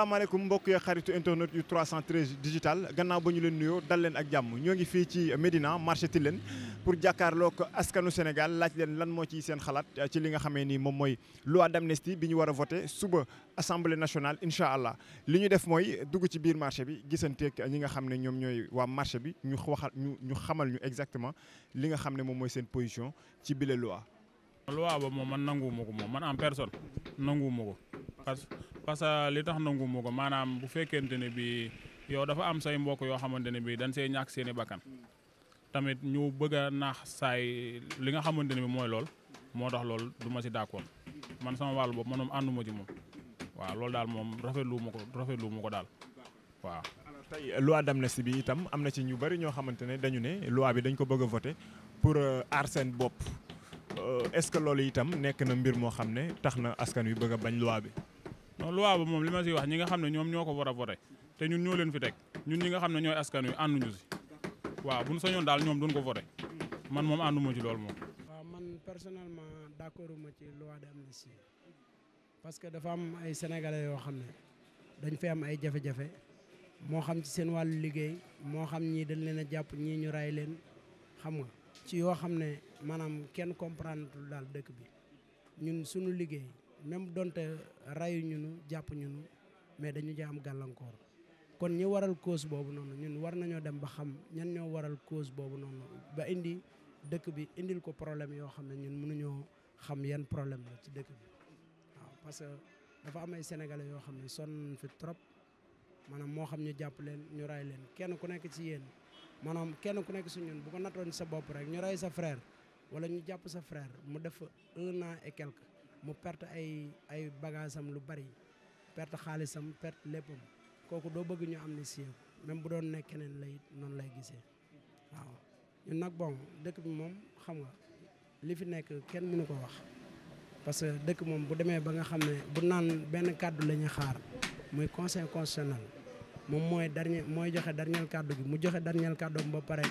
salaamaaleykum mbokk yeeg xaritu internet yu 313 digital gannaaw ba ñu leen nuyoo dal leen ak jàmm ñoo ngi fii ci Médina marché leen pour jàkkaarloog askanu Sénégal laaj leen lan moo ci seen xalaat ci li nga xamee ni moom mooy loi d'amnistie bi ñu war a suba assemblée nationale incha allah li ñu def mooy dugg ci biir marché bi gisanteeg ñi nga xam ne ñoom ñooy waa marché bi ñu waxal ñu ñu xamal ñu exactement li nga xam ne moom mooy seen position ci bile loi. loi boobu moom man nanguwuma ko moom man en personne nanguwuma ko parce que li tax nanguwuma ko maanaam bu fekkente ne bi yow dafa am say mbokk yoo xamante ne bi dañ see ñàkk seen bakkan tamit ñu bëgg a naax saay li nga xamante ne bi mooy lool moo tax loolu du ma si d'accord man sama wàllu bopp man moom ànduma ci moom waaw loolu daal moom rafetluwuma ko rafetluwuma ko daal waaw. tey loi si bi itam am na ci ñu bari ñoo xamante ne dañu ne loi bi dañ ko bëgg a pour euh, aar seen bopp. Euh, est-ce que loolu itam nekk na mbir moo xam ne tax na askan wi bëgg a bañ loi bi. non loi moom li ma si wax ñi nga xam ne ñoom ñoo ko war a voté te ñun ñoo leen fi teg ñun ñi nga xam ne ñooy askan wi ànduñu si waaw bu ñu sañoon daal ñoom duñ ko voté man moom ànduma ci loolu moom. waaw man personnellement d'accorduma ci loi d'amnistie parce que dafa am ay sénégalais yoo xam ne dañ fi am ay jafe-jafe moo xam ci seen wàllu liggéey moo xam ñii dañ leen a jàpp ñii ñu ray leen xam nga. ci yoo xam ne maanaam kenn comprendre daal dëkk bi ñun suñu liggéey même donte rayu ñunu jàpp ñunu mais dañu ja am gàllankoor kon ñi waral cause boobu noonu ñun war nañoo dem ba xam ñan ñoo waral cause boobu noonu ba indi dëkk bi indil ko problème yoo xam ne ñun mënuñoo xam yan problème la ci dëkk bi waaw parce que dafa am ay yoo xam ne sonn fi trop maanaam moo xam ñu jàpp leen ñu ray leen kenn ku nekk ci yéen maanaam kenn ku nekk si ñun bu ko nattoon sa bopp rek ñu rey sa frère wala ñu jàpp sa frère mu def un an et mu perte ay ay bagage am lu bari perte xaalisam perte léppam kooku doo bëgg ñu am ni siiw même bu doon nekk keneen lay noonu lay gisee waaw ñun nag bon dëkk bi moom xam nga li fi nekk kenn mënu ko wax parce que dëkk moom bu demee ba nga xam ne bu naan benn kàddu la ñuy xaar muy conseil constitutionnel moom mooy dernier mooy joxe dernier kàddu gi mu joxe dernier kàddoom ba pare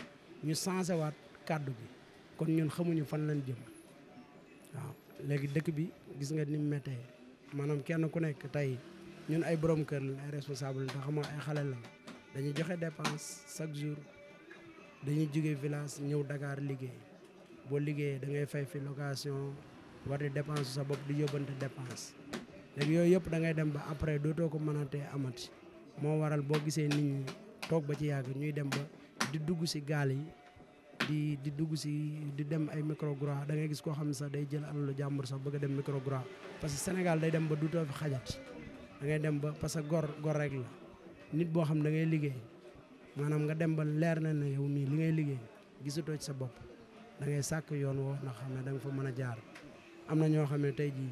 ñu changé waat kàddu gi kon ñun xamuñu fan lañ jëm waaw léegi dëkk bi gis nga ni mu méttee maanaam kenn ku nekk tey ñun ay borom kër la ay responsable te xam ay xale la dañuy joxe dépense chaque jour dañuy jóge village ñëw dakaar liggéey boo liggéeyee da ngay fay fi location war di dépense sa bopp di yóbbante dépense léegi yooyu yëpp da ngay dem ba après dootoo ko mënatee amati. moo waral boo gisee nit ñi toog ba ci yàgg ñuy dem ba di dugg si gaal yi di di dugg si di dem ay microgras da ngay gis koo xam ne sax day jël alalu jàmbur sax bëgg a dem microgras parce que Sénégal day dem ba duutoo fi xajat da ngay dem ba parce que gor gor rek la nit boo xam da ngay liggéey maanaam nga dem leer na ne yow mii li ngay liggéey gisatoo ci sa bopp da ngay sàkk yoon woo nga xam ne da nga fa mën a jaar am na ñoo xam ne tey jii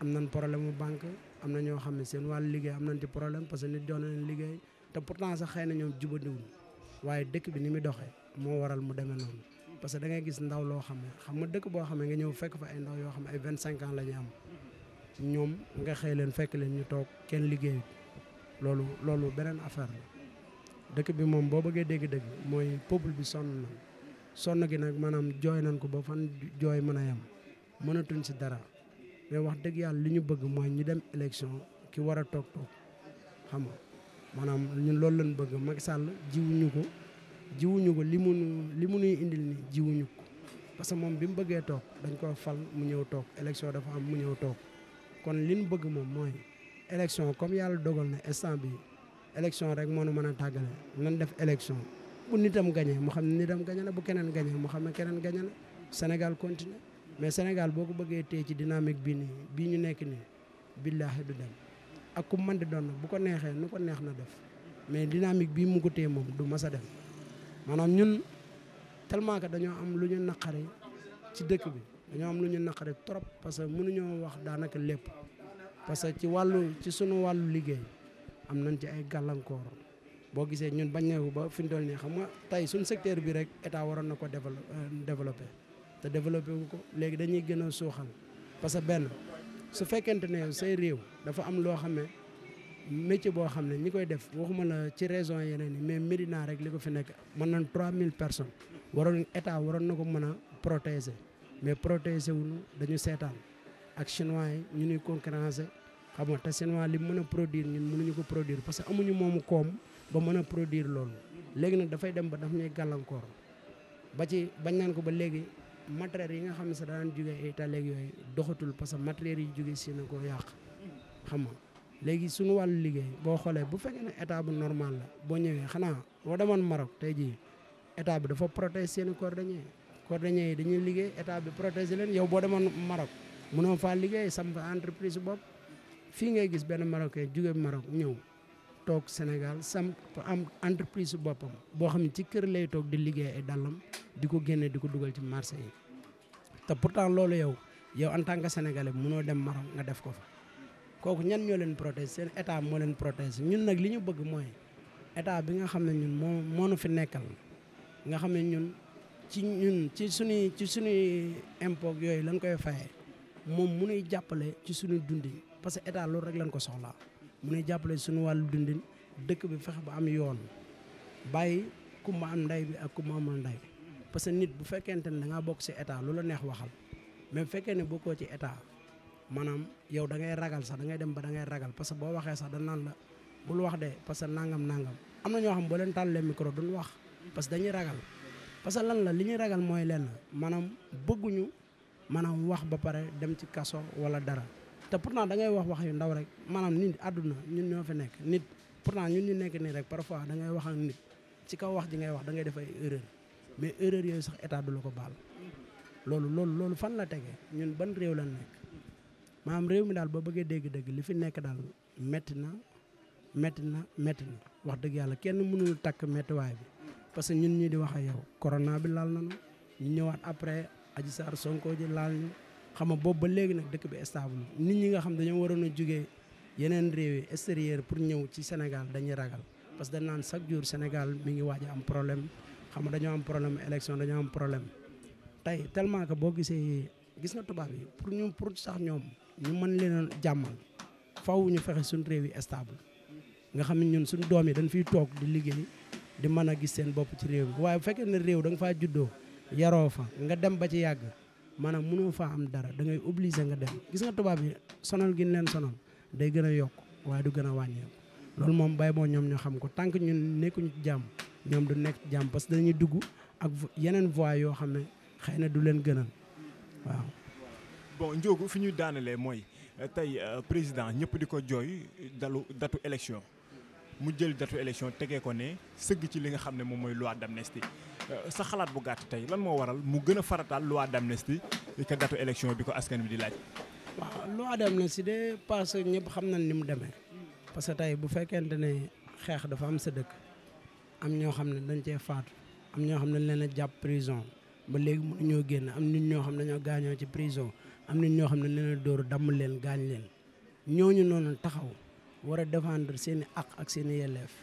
am nañ problème mu banque am na ñoo xam ne seen wàllu liggéey am nañ ti problème parce que nit doon nañ liggéey te pourtant sax xëy na ñoom jubadiwul waaye dëkk bi ni muy doxee moo waral mu demee noonu parce que da ngay gis ndaw loo xam ne xam nga dëkk boo xam ne nga ñëw fekk fa ay ndaw yoo xam ne ay vingt cinq ans la ñu am ñoom nga xëy leen fekk leen ñu toog kenn liggéey loolu loolu beneen affaire la dëkk bi moom boo bëggee dégg-dégg mooy peuple bi sonn nañ sonn gi nag maanaam jooy nañ ko ba fan jooy mën a yem mënatuñ si dara mais wax dëgg yàlla li ñu bëgg mooy ñu dem élection ki war a toog toog xam nga maanaam ñun loolu lañ bëgg Macky jiwu ñu ko jiwuñu ko li mu li mu nuy indil jiwu ñu ko parce que moom bi mu bëggee toog dañ ko fal mu ñëw toog élection dafa am mu ñëw toog kon li mu bëgg moom mooy élection comme yàlla dogal na instant bii élection rek moo nu mën a tàggale nan def élection bu nitam gañee mu xam ne nitam gañe na bu keneen gañee mu xam ne keneen gañe na Sénégal mais Sénégal boo ko bëggee téye ci dynamique bi nii bii ñu nekk nii billaahi du dem ak ku man di doon bu ko neexee nu ko neex na def mais dynamique bii mu ko téye moom du mas a dem maanaam ñun tellement que dañoo am lu ñu naqari ci dëkk bi dañoo am lu ñu naqari trop parce que mënuñoo wax daanaka lépp parce que ci wàllu ci sunu wàllu liggéey am nañ ci ay gàllankoor boo gisee ñun bañ neeku ba fi ñu toll nii xam nga tey suñu secteur bi rek état waroon na ko euh, développer te développé ko léegi dañuy gën a suuxal parce que benn su fekkente ne say réew dafa am loo xam ne métier boo xam ne ñi koy def waxuma la ci région yeneen yi mais Médina rek li ko fi nekk mën nañ 3000 personnes waroon état waroon na ko mën a protéger mais protéger wuñu dañu seetaan ak chinois yi ñu nuy concurrencer xam nga te chinois li mën a produire ñun mënuñu ko produire parce que amuñu moomu koom ba mën a produir loolu léegi nag dafay dem ba daf ñuy gàllankoor ba ci matériel yi nga xam ne sax daan jógee Italie ak yooyu doxatul parce que matériel yi jógee si koo yàq xam nga léegi suñu wàll liggéey boo xoolee bu fekkee ne état bu normal la boo ñëwee xanaa boo demoon Maroc tey jii état bi dafa protéger seen i cordonniers cordonniers yi dañuy liggéey état bi protéger leen yow boo demoon Maroc mënoo faa liggéey sam fa entreprise bopp fii ngay gis benn juge jóge Maroc ñëw toog Sénégal sam am entreprise boppam boo xam ne ci kër lay toog di liggéey ay dàllam di ko génne di ko dugal ci marché yi te pourtant loolu yow yow en tant que sénégalais mënoo dem Maroc nga def ko fa kooku ñan ñoo leen protéger seen état moo leen protéger ñun nag li ñu bëgg mooy état bi nga xam ne ñun moo moo nu fi nekkal nga xam ne ñun ci ñun ci suñuy ci suñuy impôt yooyu lañ koy fayee moom munuy jàppale ci suñu dundin parce que état loolu rek lañ ko soxlaa mu ne jàppale suñu wàllu dundin dëkk bi fexe ba am yoon bàyyi kumba am nday bi ak kumba amul nday bi parce que nit bu fekkente ne da ngaa bokk ci état lu la neex waxal mais bu fekkee ne bokkoo ci état maanaam yow da ngay ragal sax da ngay dem ba da ngay ragal parce que boo waxee sax da naan la bul wax de parce que nangam nangam am na ñoo xam boo leen tàllee micro duñ wax parce que dañuy ragal parce que lan la li ñuy ragal mooy lenn maanaam bëgguñu maanaam wax ba pare dem ci kaso wala dara. te pourtant da ngay wax wax yu ndaw rek maanaam nit àdduna ñun ñoo fi nekk nit pourtant ñun ñu nekk nii rek parfois da ngay wax ak nit ci kaw wax ji ngay wax dangay defay def ay erreur mais erreur yooyu sax état du la ko baal loolu loolu loolu fan la tegee ñun ban réew la nekk maanaam réew mi daal ba bëggee dégg-dégg li fi nekk daal metti na metti na metti na wax dëgg yàlla kenn mënul takk mettiwaay bi parce que ñun ñi di wax a yow corona bi laal nañu ñu ñëwaat après Adji Sarr xam nga boobu ba léegi nag dëkk bi stable nit ñi nga xam dañoo waroon a jugee yeneen réew yi extérieur pour ñëw ci Sénégal dañuy ragal parce que naan chaque jour Sénégal mi ngi waaj am problème xam nga dañoo am problème élection dañoo am problème tey tellement que boo gisee gis nga tubaab yi pour ñu pour sax ñoom ñu mën leen a jàmmal faw ñu fexe suñu réew yi stable nga xam ne ñun suñu doom yi dañ fiy toog di liggéey di mën a gis seen bopp ci réew bi waaye bu fekkee ne réew da nga faa juddoo yaroo fa nga dem ba ci yàgg maanaam mënoo faa am dara da ngay obligé nga dem gis nga tubaab yi sonal gi leen sonal day gën a yokk waaye du gën a wàññeeku loolu moom bay boo ñoom ñu xam ko tant que ñun nekkuñu jàmm ñoom du nekk jàmm parce que dañuy dugg ak yeneen voies yoo xam ne xëy na du leen gënal waaw. bon Ndiogou fi ñuy daanelee mooy euh, tey euh, président ñëpp di ko jooy dalu datu élection mu jël datu élection tegee ko ne sëgg ci li nga xam ne moom mooy loi d'amnistie sa xalaat bu gàtt tey lan moo waral mu gën a farataal loi d'amnistie que datu élection bi ko askan bi di laaj. waaw loi d'amnistie de parce que ñëpp xam nañ ni mu demee. parce que tey bu fekkente ne xeex dafa am sa dëkk am ñoo xam ne dañ cee faatu am ñoo xam ne dañ leen a jàpp prison ba léegi ñoo génn am nit ñoo xam ne dañoo gaañoo ci prison am nit ñoo xam ne dañ leen dóor damm leen gaañ leen ñoo ñu noonu taxaw war a défendre seen i ak seen i yelleef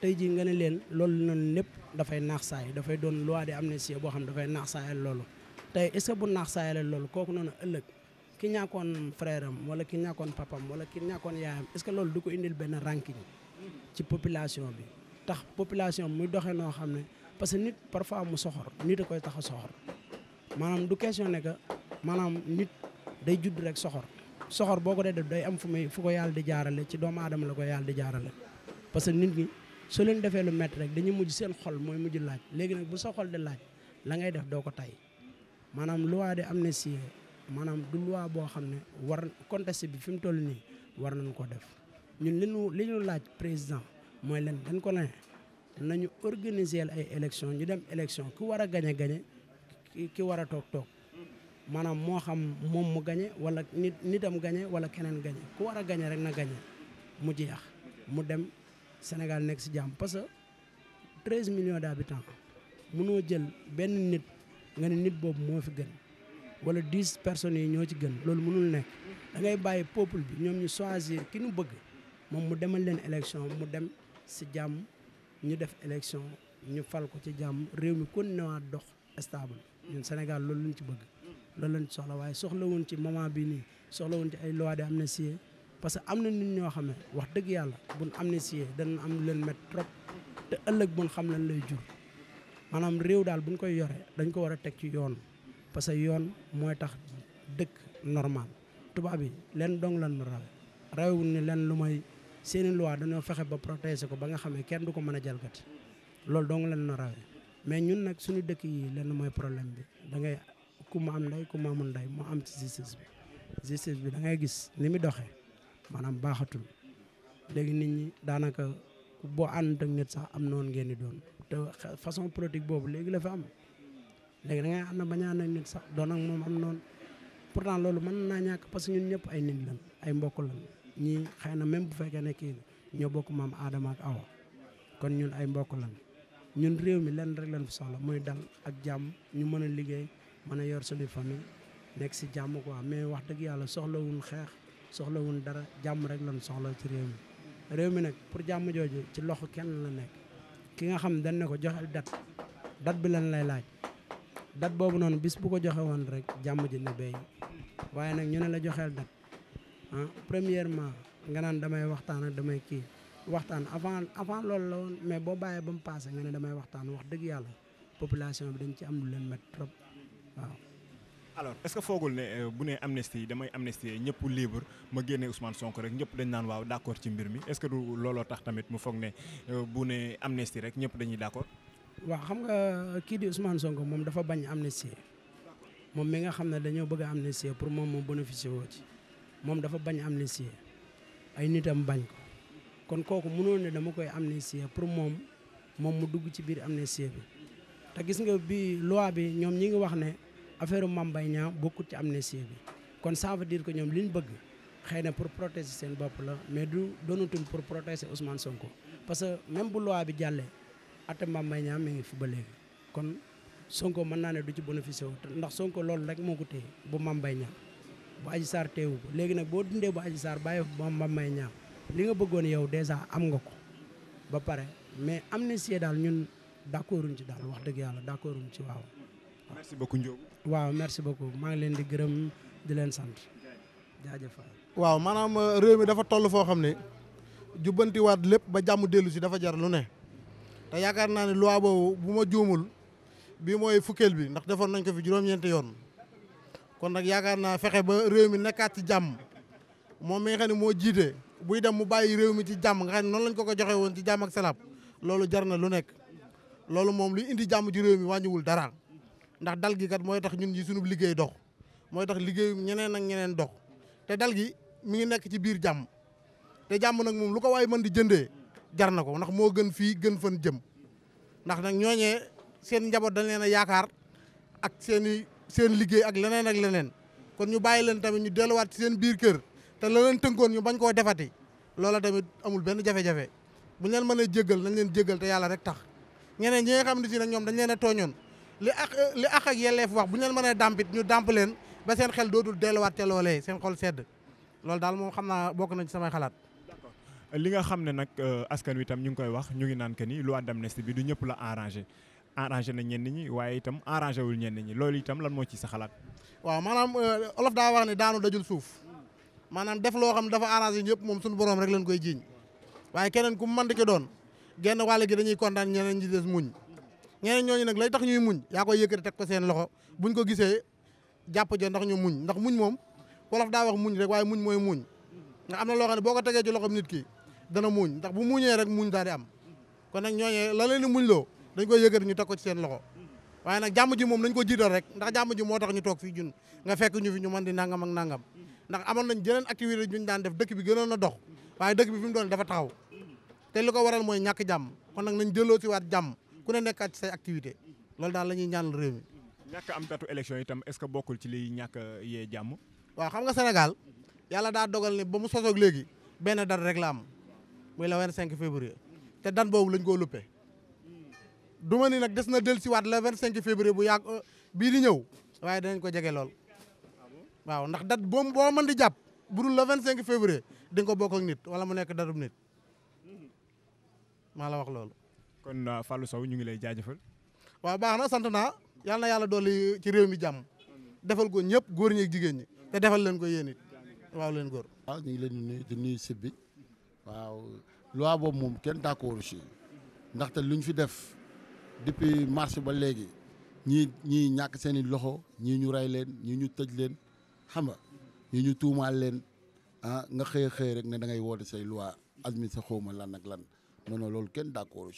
tey jii nga ne leen loolu noonu lépp dafay naax saay dafay doon loi de amnistie boo xam dafay naax saayal loolu tey est-ce que bu naax saayal loolu kooku noonu ëllëg ki ñàkkoon frère am wala ki ñàkkoon papam wala kii ñàkkoon yaayam est que loolu du ko indil benn ranking ci population bi tax population muy doxee noo xam ne parce que nit parfois mu soxor nit a koy tax a soxor maanaam du question ne que maanaam nit day juddu rek soxor soxor boo ko dee def day am fu muy fu ko yàlla di jaarale ci doomu aadama la ko yàlla di jaarale soo leen defee lu métti rek dañuy mujj seen xol mooy mujj laaj léegi nag bu sa xol di laaj la ngay def doo ko tay maanaam loi de amnistie maanaam du loi boo xam ne war contesté bi fi mu toll nii war nañ ko def ñun li ñu li ñu laaj président mooy leen dañ ko ne nañu organiser ay élection ñu dem élection ku war a gañe gañe ki war a toog toog maanaam moo xam moom mu gañe wala nit nitam gañe wala keneen gañe ku war a gañe rek na gañe mujj jeex mu dem Sénégal nekk si jàmm parce que 13 millions d' habitants mënoo jël benn nit nga ne nit boobu moo fi gën wala 10 personnes yi ñoo ci gën loolu mënul nekk da bàyyi peuple bi ñoom ñu soisir ki ñu bëgg moom mu demal leen élection mu dem si jàmm ñu def élection ñu fal ko ci jàmm réew mi kon newaat dox stable ñun Sénégal loolu ñu ci bëgg loolu lañ soxla waaye soxla woon ci moment bi nii soxla woon ci ay loi de amnistie parce que am na nit ñoo xam ne wax dëgg yàlla am buñ amnistie dana am lu leen met te ëllëg buñ xam lan lay jur maanaam réew daal buñ koy yore dañ ko war a teg ci yoon parce que yoon mooy tax dëkk normal tubaab yi leen dong lan nu rawe rawewuñ ni leen lu may seeni loi dañoo fexe ba protéger ko ba nga xamee kenn du ko mën a jalgati loolu dong lan nu rawe mais ñun nag suñu dëkk yi leen mooy problème bi da ngay ku mu am ndey ku mu amul ndey mu am ci justice bi justice bi da ngay gis ni mu doxee maanaam baaxatul léegi nit ñi daanaka boo ànd ak nit sax am noonu ngeen di doon te façon politique boobu léegi la fi am léegi da ngay ànd bañ a ànd ak nit sax doon ak moom am noon pour pourtant loolu mën naa ñàkk parce que ñun ñëpp ay nit lan ay mbokk lan ñii xëy na même bu fekkee ne kii ñoo bokku maam Adama ak Awa kon ñun ay mbokku lan ñun réew mi lenn rek lañ fi soxla muy dal ak jàmm ñu mën a liggéey mën a yor suñu famille nekk si jàmm quoi mais wax dëgg yàlla soxlawul xeex. soxlawuñ dara jàmm rek lan soxla ci réew mi réew mi nag pour jàmm jooju ci loxo kenn la nekk ki nga xam dañ ne ko joxel dat dat bi lan lay laaj dat boobu noonu bis bu ko joxe woon rek jàmm ji ne béy waaye nag ñu ne la joxeel dat ah premièrement nga naan damay waxtaan ak damay kii waxtaan avant avant loolu la woon mais boo bàyyee ba mu passé nga ne damay waxtaan wax dëgg yàlla population bi dañ ci am lu leen met trop waaw alors est-ce que foogul ne euh, bu nee amnistie damay amnistie ñëpp libre ma génnee Ousmane Sonko rek ñëpp dañ naan waaw d'accord ci mbir mi est-ce que du looloo tax tamit mu foog ne euh, bu nee amnistie rek ñëpp dañuy d'accord. waa xam nga euh, kii di Ousmane sonk moom dafa bañ amnistie moom mi nga xam ne dañoo bëgg a amnistie pour moom mu bénéficier woo ci moom dafa bañ amnistie ay nitam bañ ko kon kooku mënoon ne dama koy amnistie pour moom moom mu dugg ci biir amnistie bi te gis nga bi loi bi ñoom ñi ngi wax ne. affaire Mame Mbaye Niang bokkut ci amnistie bi kon ça veut dire que ñoom li ñu bëgg xëy na pour protéger seen bopp la mais du doonatul pour protéger Ousmane Sonko parce que même bu loi bi jàllee atte Mame Mbaye Niang mi ngi fi ba léegi kon Sonko mën naa ne du ci bénéficié wu ndax Sonko loolu rek moo ko téye bu Mame Mbaye Niang bu Adji Sarr ko léegi nag boo dundee bu Adji Sarr bàyyi bu Mame ñaa li nga bëggoon yow dèjà am nga ko ba pare mais amnistie daal ñun d'accorduñ ci daal wax dëgg yàlla d'accorduñ ci waaw merci beaucoup Ndiogou. waaw merci beaucoup maa ngi leen di gërëm di leen sant jaajëf waaw maanaam euh, réew mi dafa toll foo xam ne jubbantiwaat lépp ba jàmm dellu si dafa jar lu ne te yaakaar naa ne loi boobu bu ma juumul bi mooy fukkeel bi ndax defoon nañ ko fi juróom-ñeenti yoon kon nag yaakaar naa fexe ba réew mi nekkaat ci jàmm moom mi nga xam ne moo jiite buy dem mu bàyyi réew mi ci jàmm nga xam noonu lañ ko ko joxe woon ci jàmm ak salaam loolu jar na lu nekk loolu moom luy indi jàmm ci réew mi wàññiwul dara ndax dal gi kat mooy tax ñun ñi sunub liggéey dox mooy tax liggéey ñeneen nag ñeneen dox te dal gi mi ngi nekk ci biir jàmm te jàmm nag moom lu ko waay mën di jëndee jar na ko ndax moo gën fii gën fan jëm ndax nag ñooñee seen njaboot dañ leen yaakaar ak seen i seen liggéey ak leneen ak leneen kon ñu bàyyi leen tamit ñu delluwaat ci seen biir kër te la leen tënkoon ñu bañ koo defati loola tamit amul benn jafe-jafe bu ñeen leen mën a jéggal nañ leen jéggal te yàlla rek tax ñeneen ñi nga xam ne si nag ñoom dañ leen a tooñoon li ak li ak ak yelleef wax bu ñu leen mënee dàmpit ñu dàmp leen ba seen xel dootul delluwaat te loolee seen xol sedd loolu daal moom xam naa bokk nañ ci samay xalaat. li nga xam ne nag euh, askan wi itam ñu ngi koy wax ñu ngi naan que ni loi d'amnistie bi du ñëpp la arrangé arrangé na ñenn ñi waaye itam arrangé ñeen ñenn ñi loolu itam lan moo ci sa xalaat. waaw maanaam euh, olof daa wax ne daanu dajul suuf maanaam def loo xam dafa arrangé ñëpp moom suñu borom rek lañ koy jiiñ waaye keneen ku mën di ko doon genn wàll gi dañuy kontaan ñeneen ñi des muñ ñeneen ñooñu nag lay tax ñuy muñ yaa koy yëkkati teg ko seen loxo bu ñu ko gisee jàpp jee ndax ñu muñ ndax muñ moom wolof daa wax muñ rek waaye muñ mooy muñ nga am na loo xam ne boo ko tegee ci loxoom nit dana muñ ndax bu muñee rek muñ daal am kon nag ñooñee la leen di muñ loo dañ koy yëkkati ñu teg ko ci seen loxo waaye nag jàmm ji moom nañ ko jiital rek ndax jàmm ji moo tax ñu toog fii jun nga fekk ñu fi ñu mën di nangam ak nangam ndax amoon nañ jeneen activité ñu daan def dëkk bi gënoon a dox waaye dëkk bi fi mu doon dafa taxaw te li ko waral mooy ñàkk jàmm kon nag nañ jëloo si waat jàmm ku ne nekkaat ci activité loolu daal la ñuy ñaanal réew mi. ñàkk am datu élection itam est-ce que bokkul ci liy ñàkk yee jàmm. waaw xam nga Sénégal yàlla daa dogal ne ba mu sosoog léegi benn date rek la am muy le 25 février te date boobu lañ koo luppe du ma ni nag des na la le cinq février bu yàgg euh, bii di ñëw waaye danañ ko jege lool waaw ndax date boobu boo mën di jàpp bu dul le 25 février di nga ko bokk ak nit wala mu nekk datum nit maa la wax loolu. kon euh, Fallou Sow ñu ngi lay jaajëfal. waaw baax na sant naa yal na yàlla dolli ci réew mi jàmm defal ko ñëpp góor ñi jigéen ñi te defal leen ko yéen it waaw leen góor. ñu ngi leen di nuyu di nuyu sib waaw loi boobu moom kenn d'accord si ndaxte lu ñu fi def depuis mars ba léegi ñii ñii ñàkk seen i loxo ñii ñu rey leen ñii ñu tëj leen xam nga ñii ñu tuumaal leen ah nga xëy xëy rek ne da ngay woote say loi administre xawma lan ak lan non non loolu kenn d'accord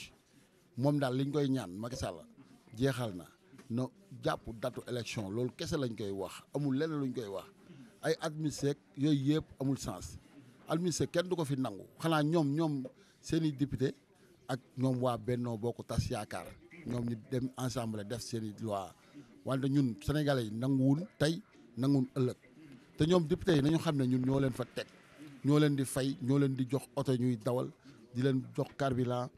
moom daal liñ koy ñaan Macky jeexal na nu jàpp datu élection loolu kese lañ koy wax amul leneen luñ koy wax ay administré yooyu yëpp amul sens administré kenn du ko fi nangu xanaa ñoom ñoom seen i député ak ñoom waa Bennoo Bokk Tas Yaakaar ñoom ñu dem ensemble def seen i loi wante ñun sénégalais yi nanguwul tey nanguwul ëllëg te ñoom député yi nañu xam ne ñun ñoo leen fa teg ñoo leen di fay ñoo leen di jox oto ñuy dawal di leen jox carburant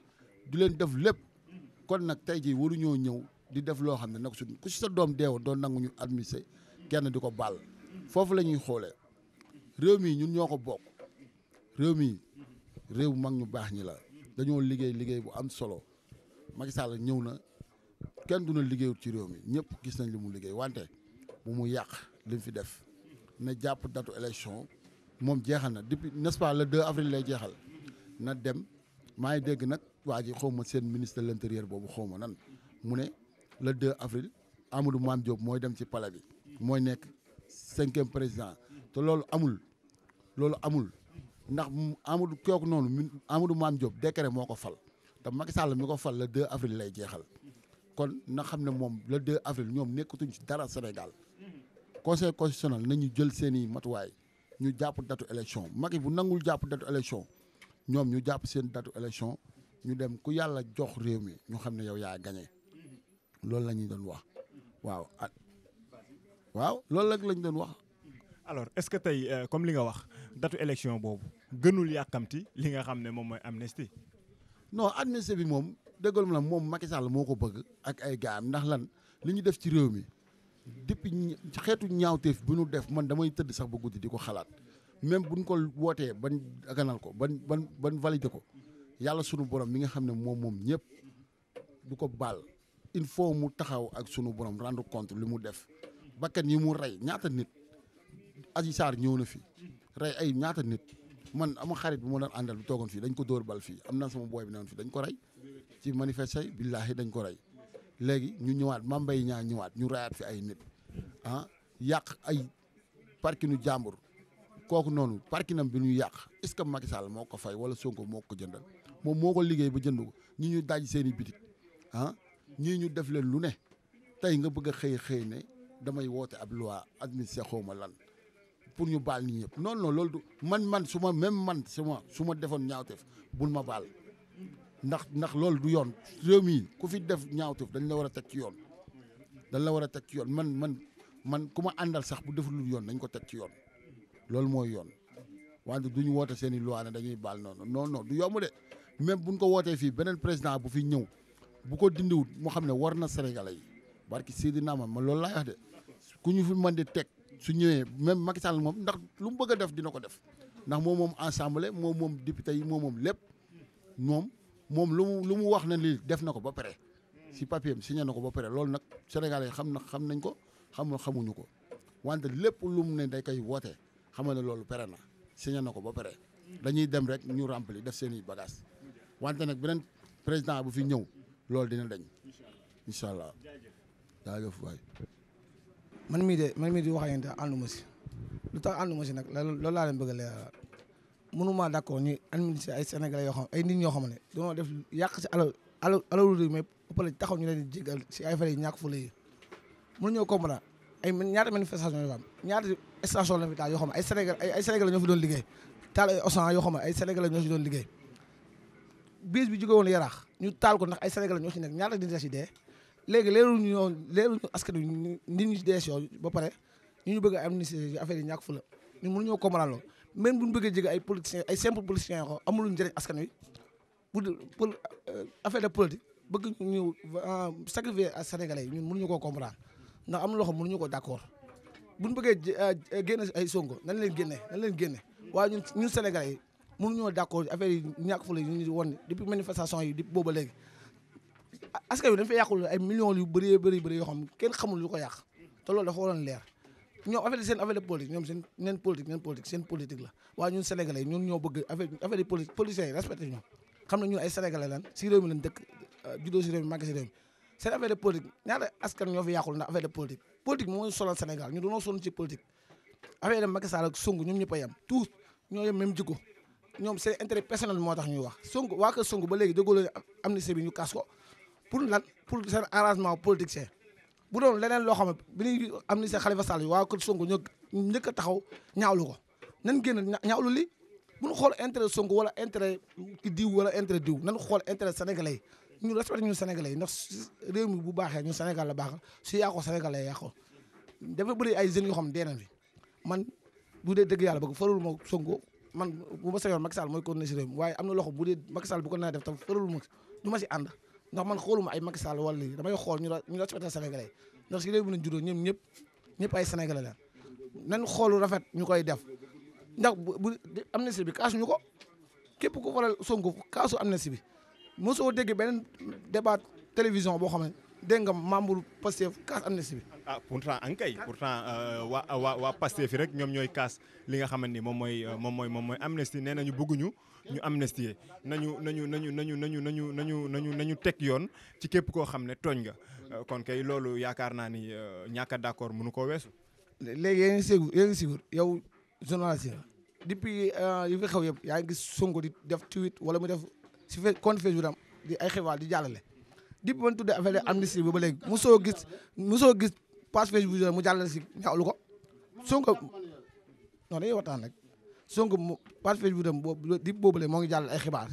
du leen def lépp kon nag tey jii waruñoo ñëw di def loo xam ne nag su ku si sa doom deewoon doon nangu ñu administré kenn di ko baal foofu la ñuy xoolee réew mii ñun ñoo ko bokk réew mi réew mag ñu baax ñi la dañoo liggéey liggéey bu am solo Macky Sall ñëw na kenn duna liggéeyut ci réew mi ñëpp gis nañ li mu liggéey wante bu mu yàq li mu fi def na jàpp datu élection moom jeexal na depuis n'est-ce pas le avril lay jeexal na dem. maa ngi dégg nag waa ji xaw ma seen ministre de l'intérieur boobu xaw ma nan mu ne le 2 avril Amadou Mame jóob mooy dem ci palais bi mooy nekk cinquième président te loolu amul loolu amul ndax Amadou kooku noonu mi Amadou Mame Diop décret moo ko fal te Macky Sall mi ko fal le 2 avril lay jeexal kon na xam ne moom le 2 avril ñoom nekkatuñ ci dara Sénégal conseil constitutionnel nañu jël seeni matuwaay ñu jàpp datu élection Macky bu nangul jàpp datu élection ñoom ñu jàpp seen datu élection ñu dem ku yàlla jox réew mi ñu xam ne yow yaa gagné loolu la ñuy doon wax waaw ak ah, waaw loolu rek lañ doon wax. alors est-ce que tey euh, comme li nga wax datu élection boobu gënul yàkkamti li nga xam ne moom mooy amnistie. non amnistie bi moom déggal ma moom Macky moo ko bëgg ak ay gaam ndax lan li ñu def ci réew mi depuis xeetu ñaawteef bu ñu def man damay tëdd sax ba guddi di ko xalaat. même buñ ko wootee ban aganal ko ban ban ban validé ko yàlla sunu borom mi nga xam ne moom moom ñëpp du ko baal il faut mu taxaw ak sunu borom rendre compte li mu def bakkan yi mu rey ñaata nit Adji Sarr ñëw na fi rey ay ñaata nit man ama xarit bi moo doon àndal bi toogoon fii dañ ko dóor bal fii am na sama booy bi newoon fii dañ ko rey ci manifester billaahi dañ ko rey léegi ñu ñëwaat ma mbay ñaa ñëwaat ñu reyaat fi ay nit ah yàq ay parkinu jàmbur kooku noonu parkinam bi ñu yàq est ce que Macky moo ko fay wala Sonko moo ko jëndal moom moo ko liggéey ba jënd ko ñi ñu daaj seeni i ah ñii ñu def leen lu ne tey nga bëgg a xëy xëy ne damay woote ab loi administration xaw ma lan pour ñu baal nit ñëpp noonu non loolu du man man su ma même man su su ma defoon ñaawteef bul ma baal ndax ndax loolu du yoon réew mi ku fi def ñaawteef dañ la war a teg ci yoon dañ la war a teg ci yoon man man man ku ma àndal sax bu deful yoon dañ ko teg ci yoon. loolu mooy yoon wante du ñu woote seen i loi ne dañuy baal noonu non non du yomb de même buñ ko wootee fii beneen président bu fi ñëw bu ko dindiwut moo xam ne war na Sénégalais yi barki Seydina ma loolu laay de ku ñu fi mën di teg su ñëwee même Macky Sall moom ndax lu mu bëgg a def dina ko def ndax moom moom ensemble moom moom député yi moom moom lépp moom moom lu mu lu mu wax ne lii def na ko ba pare si si signé na ko ba pare loolu nag Sénégalais yi xam na xam nañ ko xamul xamuñu ko wante lépp lu mu ne day koy wootee xam nga ne loolu pere na signé na ko ba pare dañuy dem rek ñu rempli def seen i bagage wante nag beneen président bu fi ñëw loolu dina dañ incha allah jaajëf waay man mii de man mii di wax ak yéen daal ànduma si lu tax ànduma si nag loolu laa leen bëgg a leeral mënuma d'accord ñu administré ay sénégalais yoo xam ay nit ñoo xam ne dañoo def yàq si alo alal alalu réew mi ëppale taxaw ñu leen di jégal si ay fare yi ñàkk fu la yi mënuñoo comprendre ay ñaata manifestation yoo xam ñaata station la fi taal yoo xam ay Sénégal ay Sénégal ñoo fi doon liggéey taal ay Auchan yoo xam ne ay Sénégal ñoo fi doon liggéey bis bi jóge woon yaraax ñu taal ko ndax ay Sénégal ñoo ci nekk ñaata dina ci dee léegi leerul ñu ñoo leerul ñu askan wi nit ñi dees yooyu ba pare ñu ñu bëgg a amnistie affaire yi ñàkk fu la ñu mënuñoo comprendre loolu même bu ñu bëggee jege ay politiciens ay simple politiciens yoo xam amul njëriñ askan wi pour pour euh, affaire de politique bëgg ñu euh, sacrifier à Sénégalais yi ñun mënuñu koo comprendre ndax am na loo xam mënuñu ko d'accord bu ñu bëggee ah, génne ay Sonko nan leen génne nan leen génne waaye ñun ñun Sénégal yi mënuñoo d'accord affaire yi ñàkk fu la ñu woon depuis manifestation yi depuis a léegi askan wi dañu fay yàqul ay millions yu bëree bëri bëri yoo kenn xamul lu ko yàq te loolu dafa waroon leer ñoom affaire seen affaire de politique ñoom seen neen seen politique la waaye ñun sénégalais yi ñun ñoo bëgg affaire affaire yi politique politiciens yi respecté ñoom xam ne ñun ay sénégalais lan si dëkk ah, juddoo si réew mi seen affaire de politique ñaata askan ñoo fi yàqul ndax affaire de politique politique mooy solal Sénégal ñu doonoo sonn ci politique affaire de Macky Sall ak Sonko ñu ñëpp a yem tous ñoo yem même jikko ñoom seen intérêt personnel moo tax ñuy wax Sonko waa kër Sonko ba léegi déggoo leen amnistie bi ñu kaas ko pour lan pour seen arrangement politicien bu doon leneen loo xam ne bi ñuy amnistie Khalifa Sall yi waa kër Sonko ñoo njëkk a taxaw ñaawlu ko nan génn ñaawlu li bu xool intérêt Sonko wala intérêt diw wala intérêt diw nan xool intérêt sénégalais yi ñu respecté ñu Sénégalais yi ndax réew mi bu baaxee ñu Sénégal la baaxal su yàqoo Sénégal la yàqoo ay jeunes yoo xam dee nañ fi man bu dee dëgg yàlla bëgg farul ma Sonko man bu ma sañoon Macky Sall mooy continuer si réew mi waaye am na loxo bu dee Macky Sall ko naa def tam farul ma du ma si ànd ndax man xooluma ay Macky xool ñu ñu respecté Sénégalais yi ndax si réew mi ñëpp ñëpp ay Sénégalais la nan xoolu rafet ñu koy def ndax bu amnistie bi kaasuñu ko képp ku faral Sonko kaasu amnistie bi mosoo dégg beneen débat télévision boo xam ne dégg nga membre Pastef kaas amnistie bi. ah pourtant ankay pourtant euh, waa waa waa Pastef yi rek ñoom ñooy kaas li nga xamante ni moom mooy euh, moom mooy moom mooy amnistie nee nañu bëgguñu ñu amnistier nañu nañu nañu nañu nañu nañu nañu nañu nañu teg yoon ci képp koo xam ne tooñ nga euh, kon kay loolu yaakaar naa ni ñàkk a d'accord munu koo weesu. léegi yéen a ngi sigur yéen a yow journaliste depuis yi fi xew yëpp yaa ngi gis Sonko di def tweet wala mu def. si compte bu dam di ay xibaar di jàllale di ba tuddee affaire amnistie bi ba léegi mosoo gis mosoo gis page Facebook mu jàllale si ñaawlu ko Sonko non dañuy waxtaan rek Sonko mu page Facebook am boobu di boobule moo ngi jàllale ay xibaar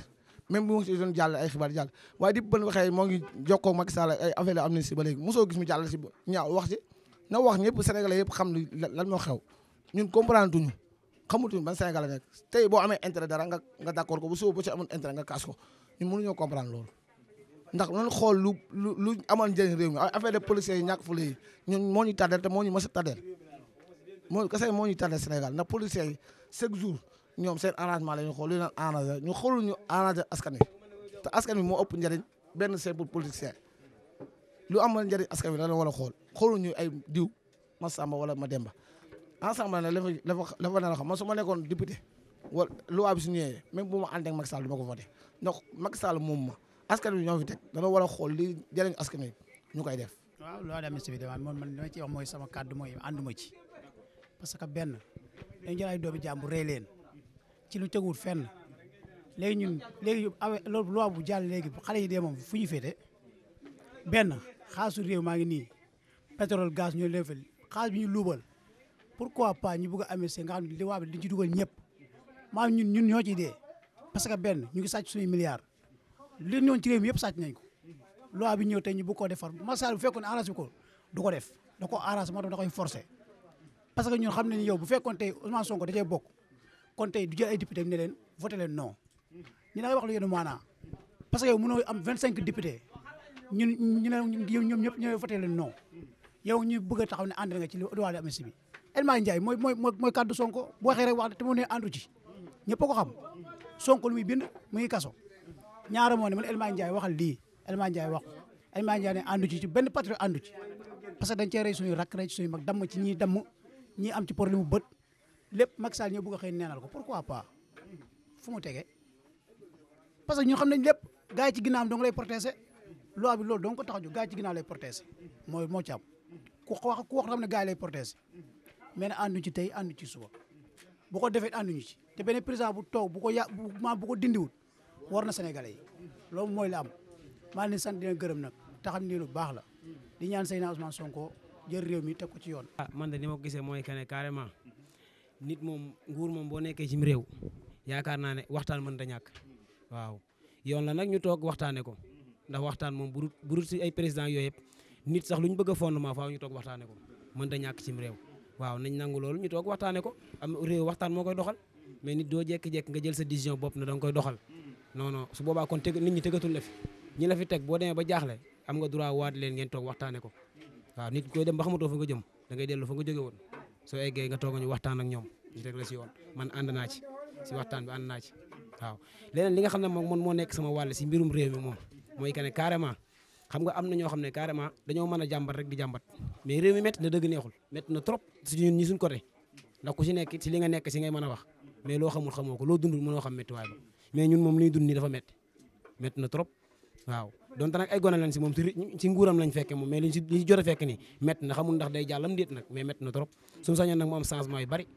même bu ma si doon jàllale ay xibaar jàll waaye di ban waxee moo ngi jokkoo Macky Sall ay affaire amnistie ba léegi mosoo gis mu jàllale si ñaaw wax ci na wax ñëpp sénégalais yëpp xam lan moo xew ñun comprendre tuñu xamutuñ ban Sénégal la nekk tey boo amee intérêt dara nga nga d'accord ko bu suba bu ci amoon intérêt nga kaas ko ñun mënuñoo comprendre loolu ndax nañ xool lu lu lu amoon njëriñ réew mi affaire de policiers yi ñàkk fule yi ñun moo ñu tardeel te moo ñu mës a tardeel moo kese moo ñu tardeel Sénégal ndax policiers yi chaque jour ñoom seen arrangement la ñu xool li leen ñu xoolul ñu arrangé askan wi te askan wi moo ëpp njariñ benn simple politicien lu amoon njëriñ askan wi la la xool xoolul ñu ay diw ma Samba wala ma Demba ensemble nag la fa la fa nar a xam man su ma nekkoon député wala loi bi su ñëwee même bu ma ànd ak Macky ko voté ndax Macky Sall moom ma askan wi ñoo fi teg xool li jëriñ askan wi ñu koy def. waaw loi d'amnistie bi damaa man man li ma ci wax mooy sama kàddu mooy ànduma ci parce que benn dañu jël ay doomi jàmbur rey leen ci lu teguwul fenn léegi ñun léegi loolu loi bu jàll léegi xale yi dee moom fu ñu féete benn xaalisu réew maa ngi nii pétrole gaz ñoo leen fa xaalis bi ñu luubal. pourquoi pas ñu bëgg a amee nga xam ne li waa bi dañ ci dugal ñëpp ñun ñun ñoo ciy dee parce que benn ñu ngi sàcc suñuy milliards li ñoon ci réew mi yëpp sàcc nañ ko loi bi ñëw tey ñu bëgg koo defar masal bu fekkoon arrangé ko du ko def da ko arrangé moo tax da koy forcé que ñun xam nañu yow bu fekkoon tey Ousmane Sonko bokk kon tey du jël ne leen voté leen non ñu da ngay wax lu yéen maanaa parce que yow mënoo am vingt cinq député ñun ñu ne ñoom ñëpp ñooy voté leen non yow ñu bëgg a taxaw ne ànd nga ci li wàllu amnistie bi Elma Ndiaye mooy mooy mooy kaddu Sonko bu waxee rek wax te mu ne àndu ci ñëpp a ko xam Sonko lu muy bind mu ngi kaso ñaara moo ne man Elma Ndiaye waxal lii Elma Ndiaye ci ci benn patriote àndu ci parce que dañ cee rey suñuy rakk rey suñuy mag damm ci ñiy damm ñi am ci problème bu bët lépp Macky Sall ñoo bëgg a xëy neenal ko pourquoi pas fu mu tege parce que ñu xam nañ lépp gars yi ci ginnaawam dong lay protéger loi bi loolu tax a jóg gars yi ci ginnaaw lay protéger mooy moo ci am ku wax ku wax xam ne yi lay mais na ànduñu ci tey ànduñu ci suba bu ko defee ànduñu ci te beneen président bu toog bu ko yà ma bu ko dindiwut war na Sénégalais loolu mooy la am maa leen sant dina gërëm nag taxam xam ne baax la di ñaan Seydina Ousmane Sonko jël mi teg ko ci yoon. ah man de ni ma gisee mooy que ne carrément nit moom nguur moom boo nekkee ci réew yaakaar naa ne waxtaan mën da ñàkk waaw yoon la nag ñu toog waxtaanee ko ndax waxtaan moom bu dul bu ay président yooyu yëpp nit sax lu ñu bëgg a maa faaw ñu toog waxtaanee ko mën da ñàkk ci réew. waaw nañ nangu loolu ñu toog waxtaane ko am réew waxtaan moo koy doxal mais nit doo jekk-jekk nga jël sa décision bopp na da nga koy doxal non su boobaa kon teg nit ñi tegatul la ñi la fi teg boo demee ba jaaxle am nga droit waat leen ngeen toog waxtaane ko waaw nit koy dem ba xamatoo fa nga jëm da ngay dellu fa nga jóge woon soo eggee nga toog ñu waxtaan ak ñoom ñu teg la si yoon man ànd naa ci si waxtaan bi ànd naa ci waaw leneen li nga xam ne moom man moo nekk sama wàll si mbirum réew mi moom mooy que ne xam nga am na ñoo xam ne carrément dañoo mën a jàmbat rek di jàmbat mais réew mi métti na dëgg neexul métti na trop si ñun suñ côté ndax ku si nekk si li nga nekk si ngay mën a wax mais loo xamul xamoo ko loo dundul mënoo xam méttiwaay ba mais ñun moom li ñu dund nii dafa métti métti na trop waaw donte nag ay gone lañ si moom si nguuram lañ fekke moom mais liñ si jot a fekk nii métti na xamul ndax day jàllam déet nag mais métti na trop suñu sañoon nag mu am changement yu bari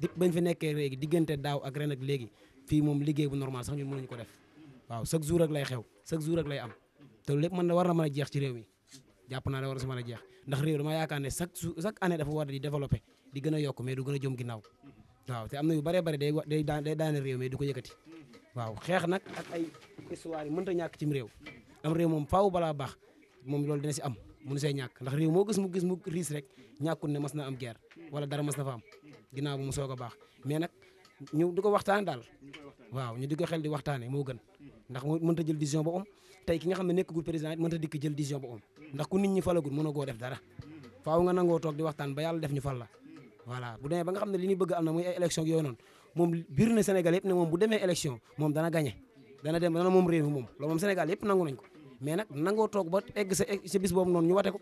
di bañ fi nekkee léegi diggante daaw ak ren léegi fii moom liggéey bu normal sax ñun mënuñu ko def waaw chaque jour ak lay xew chaque jour ak lay am te lépp mën na war na mën a jeex ci réew mi jàpp naa ne war si mën a jeex ndax réew dama yaakaar ne chaque chaque année dafa war di développer di gën a yokk mais du a jëm am na yu bëree bëri day day day daane réew mais du ko yëkkati waaw xeex nag ak ay histoire yi mënut a ñàkk cim réew am réew moom faaw balaa baax moom loolu dina si am mënu see ñàkk ndax réew moo gis mu gis mu riis rek ñàkkul ne mas na am geer wala dara mas na fa am ginnaaw bu mu soog a baax mais nag ñu di ko waxtaane daal waaw ñu di ko xel di waxtaane moo gën ndax mënut a jël décision boppam tey ki nga xam ne nekkagul président it mënta dikk jël décision boppam ndax ku nit ñi falagul mën a goo def dara faaw nga nangoo toog di waxtaan ba yàlla def ñu fal la bu demee ba nga ne li ñu bëgg am na muy ay élection yooyu noonu moom biir na Sénégal yëpp ne moom bu demee élection moom dana gagné dana dem dana moom réew moom loolu moom Sénégal yëpp nangu nañ ko mais nag nangoo toog ba egg sa sa bis boobu noonu ñu wate ko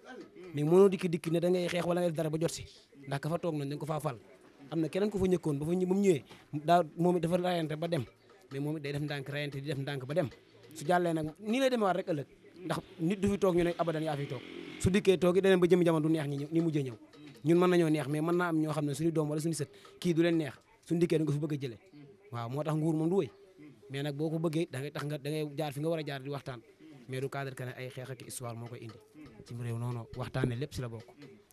mais mënoo dikki ne da ngay xeex wala nga def dara ba jot si ndax ka fa toog noonu dañ ko faa fal am na keneen ku fa ñëkkoon ba fa ba mu ñëwee daa moom it dafa rayante ba dem mais moom it day def ndànk rayante ba dem su jàllee nag nii lay demewaat rek ëllëg ndax nit du fi toog ñu ne abadan yaa fi toog su dikkee toog it daneen ba jëm jamono du neex ñi ñi mujjee ñëw ñun mën nañoo neex mais mën na am ñoo xam ne suñu doom wala suñu sët kii du leen neex suñu dikkee da nga fi bëgg a jëlee waaw moo tax nguur moom du wëy mais nag boo ko bëggee dangay tax nga da ngay jaar fi nga war a jaar di waxtaan mais du cadre que ay xeex ak histoire moo koy indi ci réew noonu waxtaanee lépp si la bokk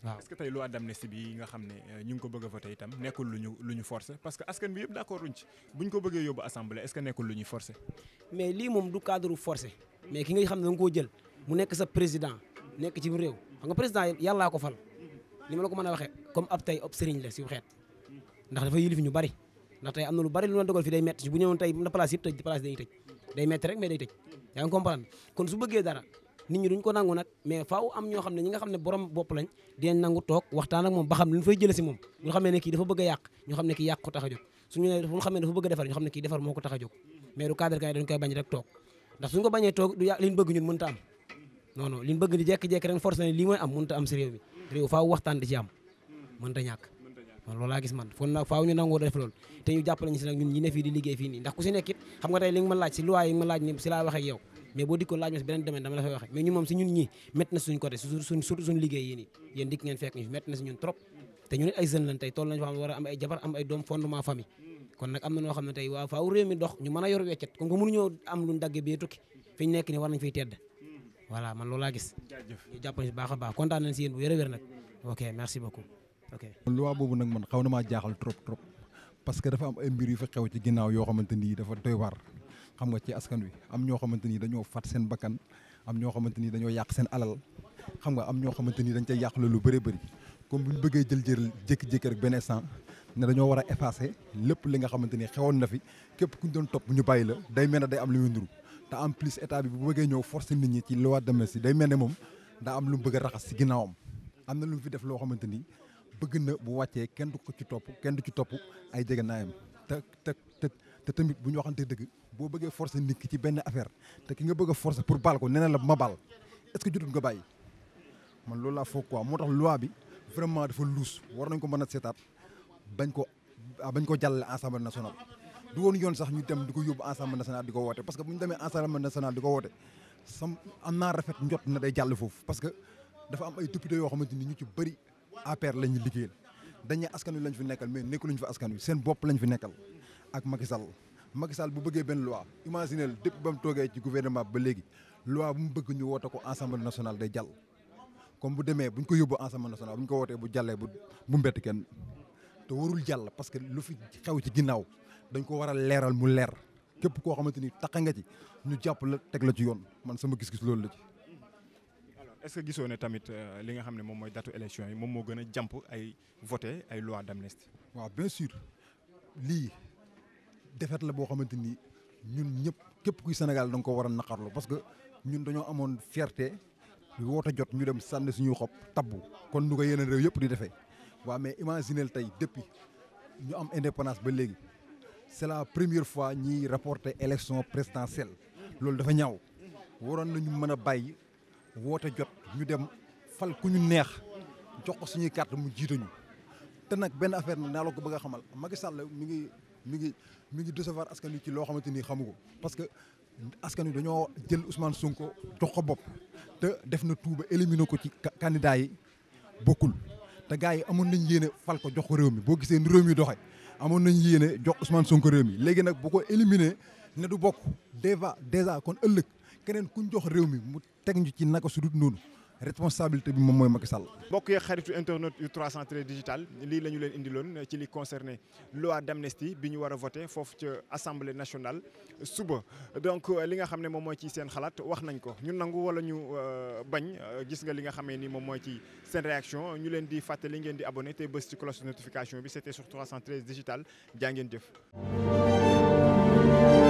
waaw est-ce que tey loi d'amnistie bi nga xam ne euh, ñu ko bëgg a voté itam nekkul lu ñu lu ñu forcé parce que askan bi yëpp d'accord luñ bu ñu ko bëggee yóbbu assemblée est-ce que nekkul lu ñuy forcé mais lii moom du cadre forcé mais ki nga xam ne da nga koo jël mu nekk sa président nekk ci réew xam nga président yàllaa ko fal li ma la ko a waxee comme ab tey ab sëriñ la si xeet ndax dafa yilif ñu bari ndax tey am na lu bari lu la dogal fi day metti bu ñëwoon tey na place yëpp tëj dara nit ñi duñ ko nangu nag mais faaw am ñoo xam ne ñi nga xam ne borom bopp lañ dinañ nangu toog waxtaan ak moom ba xam lu ne kii a yàq ñu xam ne kii yàq ko tax a jóg suñu ne bu xamee ne dafa bëgg a a si réew faaw ñu nangoo def loolu te ñu jàppale ñu si nag ñun ñi ne fii di liggéey fii nii ndax ku si nekk xam nga tey li ma laaj si loi yi ma laaj si laa waxee ak yow mais boo dikkoon laaj ma si beneen domaine dama la fay waxee mais ñun moom si ñun ñi métti na suñ côté suñ surtout suñ liggéey yéen i yéen dikk ngeen fekk ñu fi métti na si ñun trop te ñun ay jeunes lañ tey toll nañ fa am ay jabar am ay doom fondement famille kon nag am na noo xam ne tey a yor weccet kon ko dagge bee tukki fi nekk ni war nañ fiy tedd voilà man loolaa gis ñu jàpp si a baax kontaan si yéen bu wér a nag ok merci beaucoup ok loi boobu nag man xaw na maa jaaxal trop trop parce que dafa am ay mbir yu fi xew ci ginnaaw yoo xamante ni xam nga ci askan wi am ñoo xamante ni dañoo fat seen bakkan am ñoo xamante ni dañoo yàq seen alal xam nga am ñoo xamante ni dañ cay yàq lu bëri bëri comme bu ñu bëggee jël jël jékki-jékki rek benn instant ne dañoo war a effacer lépp li nga xamante ni xewoon na fi képp ku ñu doon topp ñu bàyyi la day mel ne day am lu ñu nuru te en plus état bi bu bëggee ñëw forcer nit ñi ci loi d'amnistie day mel ne moom daa am lu mu bëgg a raxas si ginnaawam am lu fi def loo xamante ni bëgg na bu wàccee kenn du ko ci topp kenn du ci topp ay jege te te te tamit bu ñu waxante dëgg boo bëggee forcer nit ci benn affaire te ki nga bëgg a forcer pour baal ko nee na la ma baal est-ce nga bàyyi man loolu laa foog quoi moo tax loi bi vraiment dafa luus war nañ ko mën a seetaat bañ ko ah, bañ ko jàllale assemblée nationale. du woon yoon sax ñu dem di ko yóbbu assemblée nationale di ko woote parce que bu ñu demee assemblée nationale di ko woote sam am naa rafet njot na day jàll foofu parce que dafa am ay député yoo xamante ni ñu ci bëri APR la ñu liggéeyal dañ ne lañ fi nekkal mais nekkuluñ fi askan wi seen bopp lañ fi nekkal ak Macky Sall Macky Sall bu bëggee benn loi imaginez depuis ba mu toogee ci gouvernement ba léegi loi bu mu bëgg ñu woote ko assemblée nationale day jàll. comme bu demee bu ñu ko yóbbu assemblée nationale bu ñu ko wootee bu jàllee bu bu mbett kenn te warul jàll parce que lu fi xew ci ginnaaw dañ ko waral leeral mu leer képp koo xamante ni taxa nga ci ñu jàpp la teg la ci yoon man sama gis-gis loolu la ci. est-ce que gisoo ne tamit euh, li nga xam ne moom mooy datu élection yi moom moo gën a jàmp ay voté ay loi d'amnistie. waaw defet la boo xamante ni ñun ñëpp képp kuy Sénégal da nga ko war na naqarlu parce que ñun dañoo amoon fierté woote jot ñu dem sànni suñuy xob tabbu kon nu ko yeneen réew yëpp di defee waa mais imaginel tey depuis ñu am indépendance ba léegi c'est la première fois ñuy rapporter élection présidentielle loolu dafa ñaaw waroon nañu mën a bàyyi woote jot ñu dem fal ku ñu neex jox ko suñuy carte mu jiitañu te nag benn affaire na naa la ko bëgg a xamal Macky mi ngi mi ngi décevoir askan wi ci loo xamante ni xamu ko parce que askan wi dañoo jël Ousmane sunko jox ko bopp te def na tout ba éliminer ko ci candidat yi bokkul te gars yi amoon nañ yéene fal ko jox ko réew mi boo gisee ni réew mi doxe amoon nañ yéene jox Ousmane sunko réew mi léegi nag bu ko éliminer ne du bokk déjà déjà kon ëllëg keneen kuñ jox réew mi mu teg ñu ci naka su noonu responsabilité bi moom mooy Macky Sall. mbokk yi xaritu internet yu 313 digital lii la ñu leen indiloon ci li concerné loi d'amnistie bi ñu war a voté foofu ca assemblée nationale suba donc euh, li nga xam ne moom mooy ci seen xalaat wax nañ ko ñu nangu wala ñu euh, bañ euh, gis nga li nga xamee ni moom mooy ci seen réaction ñu leen di fàttali ngeen di abonné te bës ci cloche notification bi c'était sur 313 digital jaa ngeen jëf.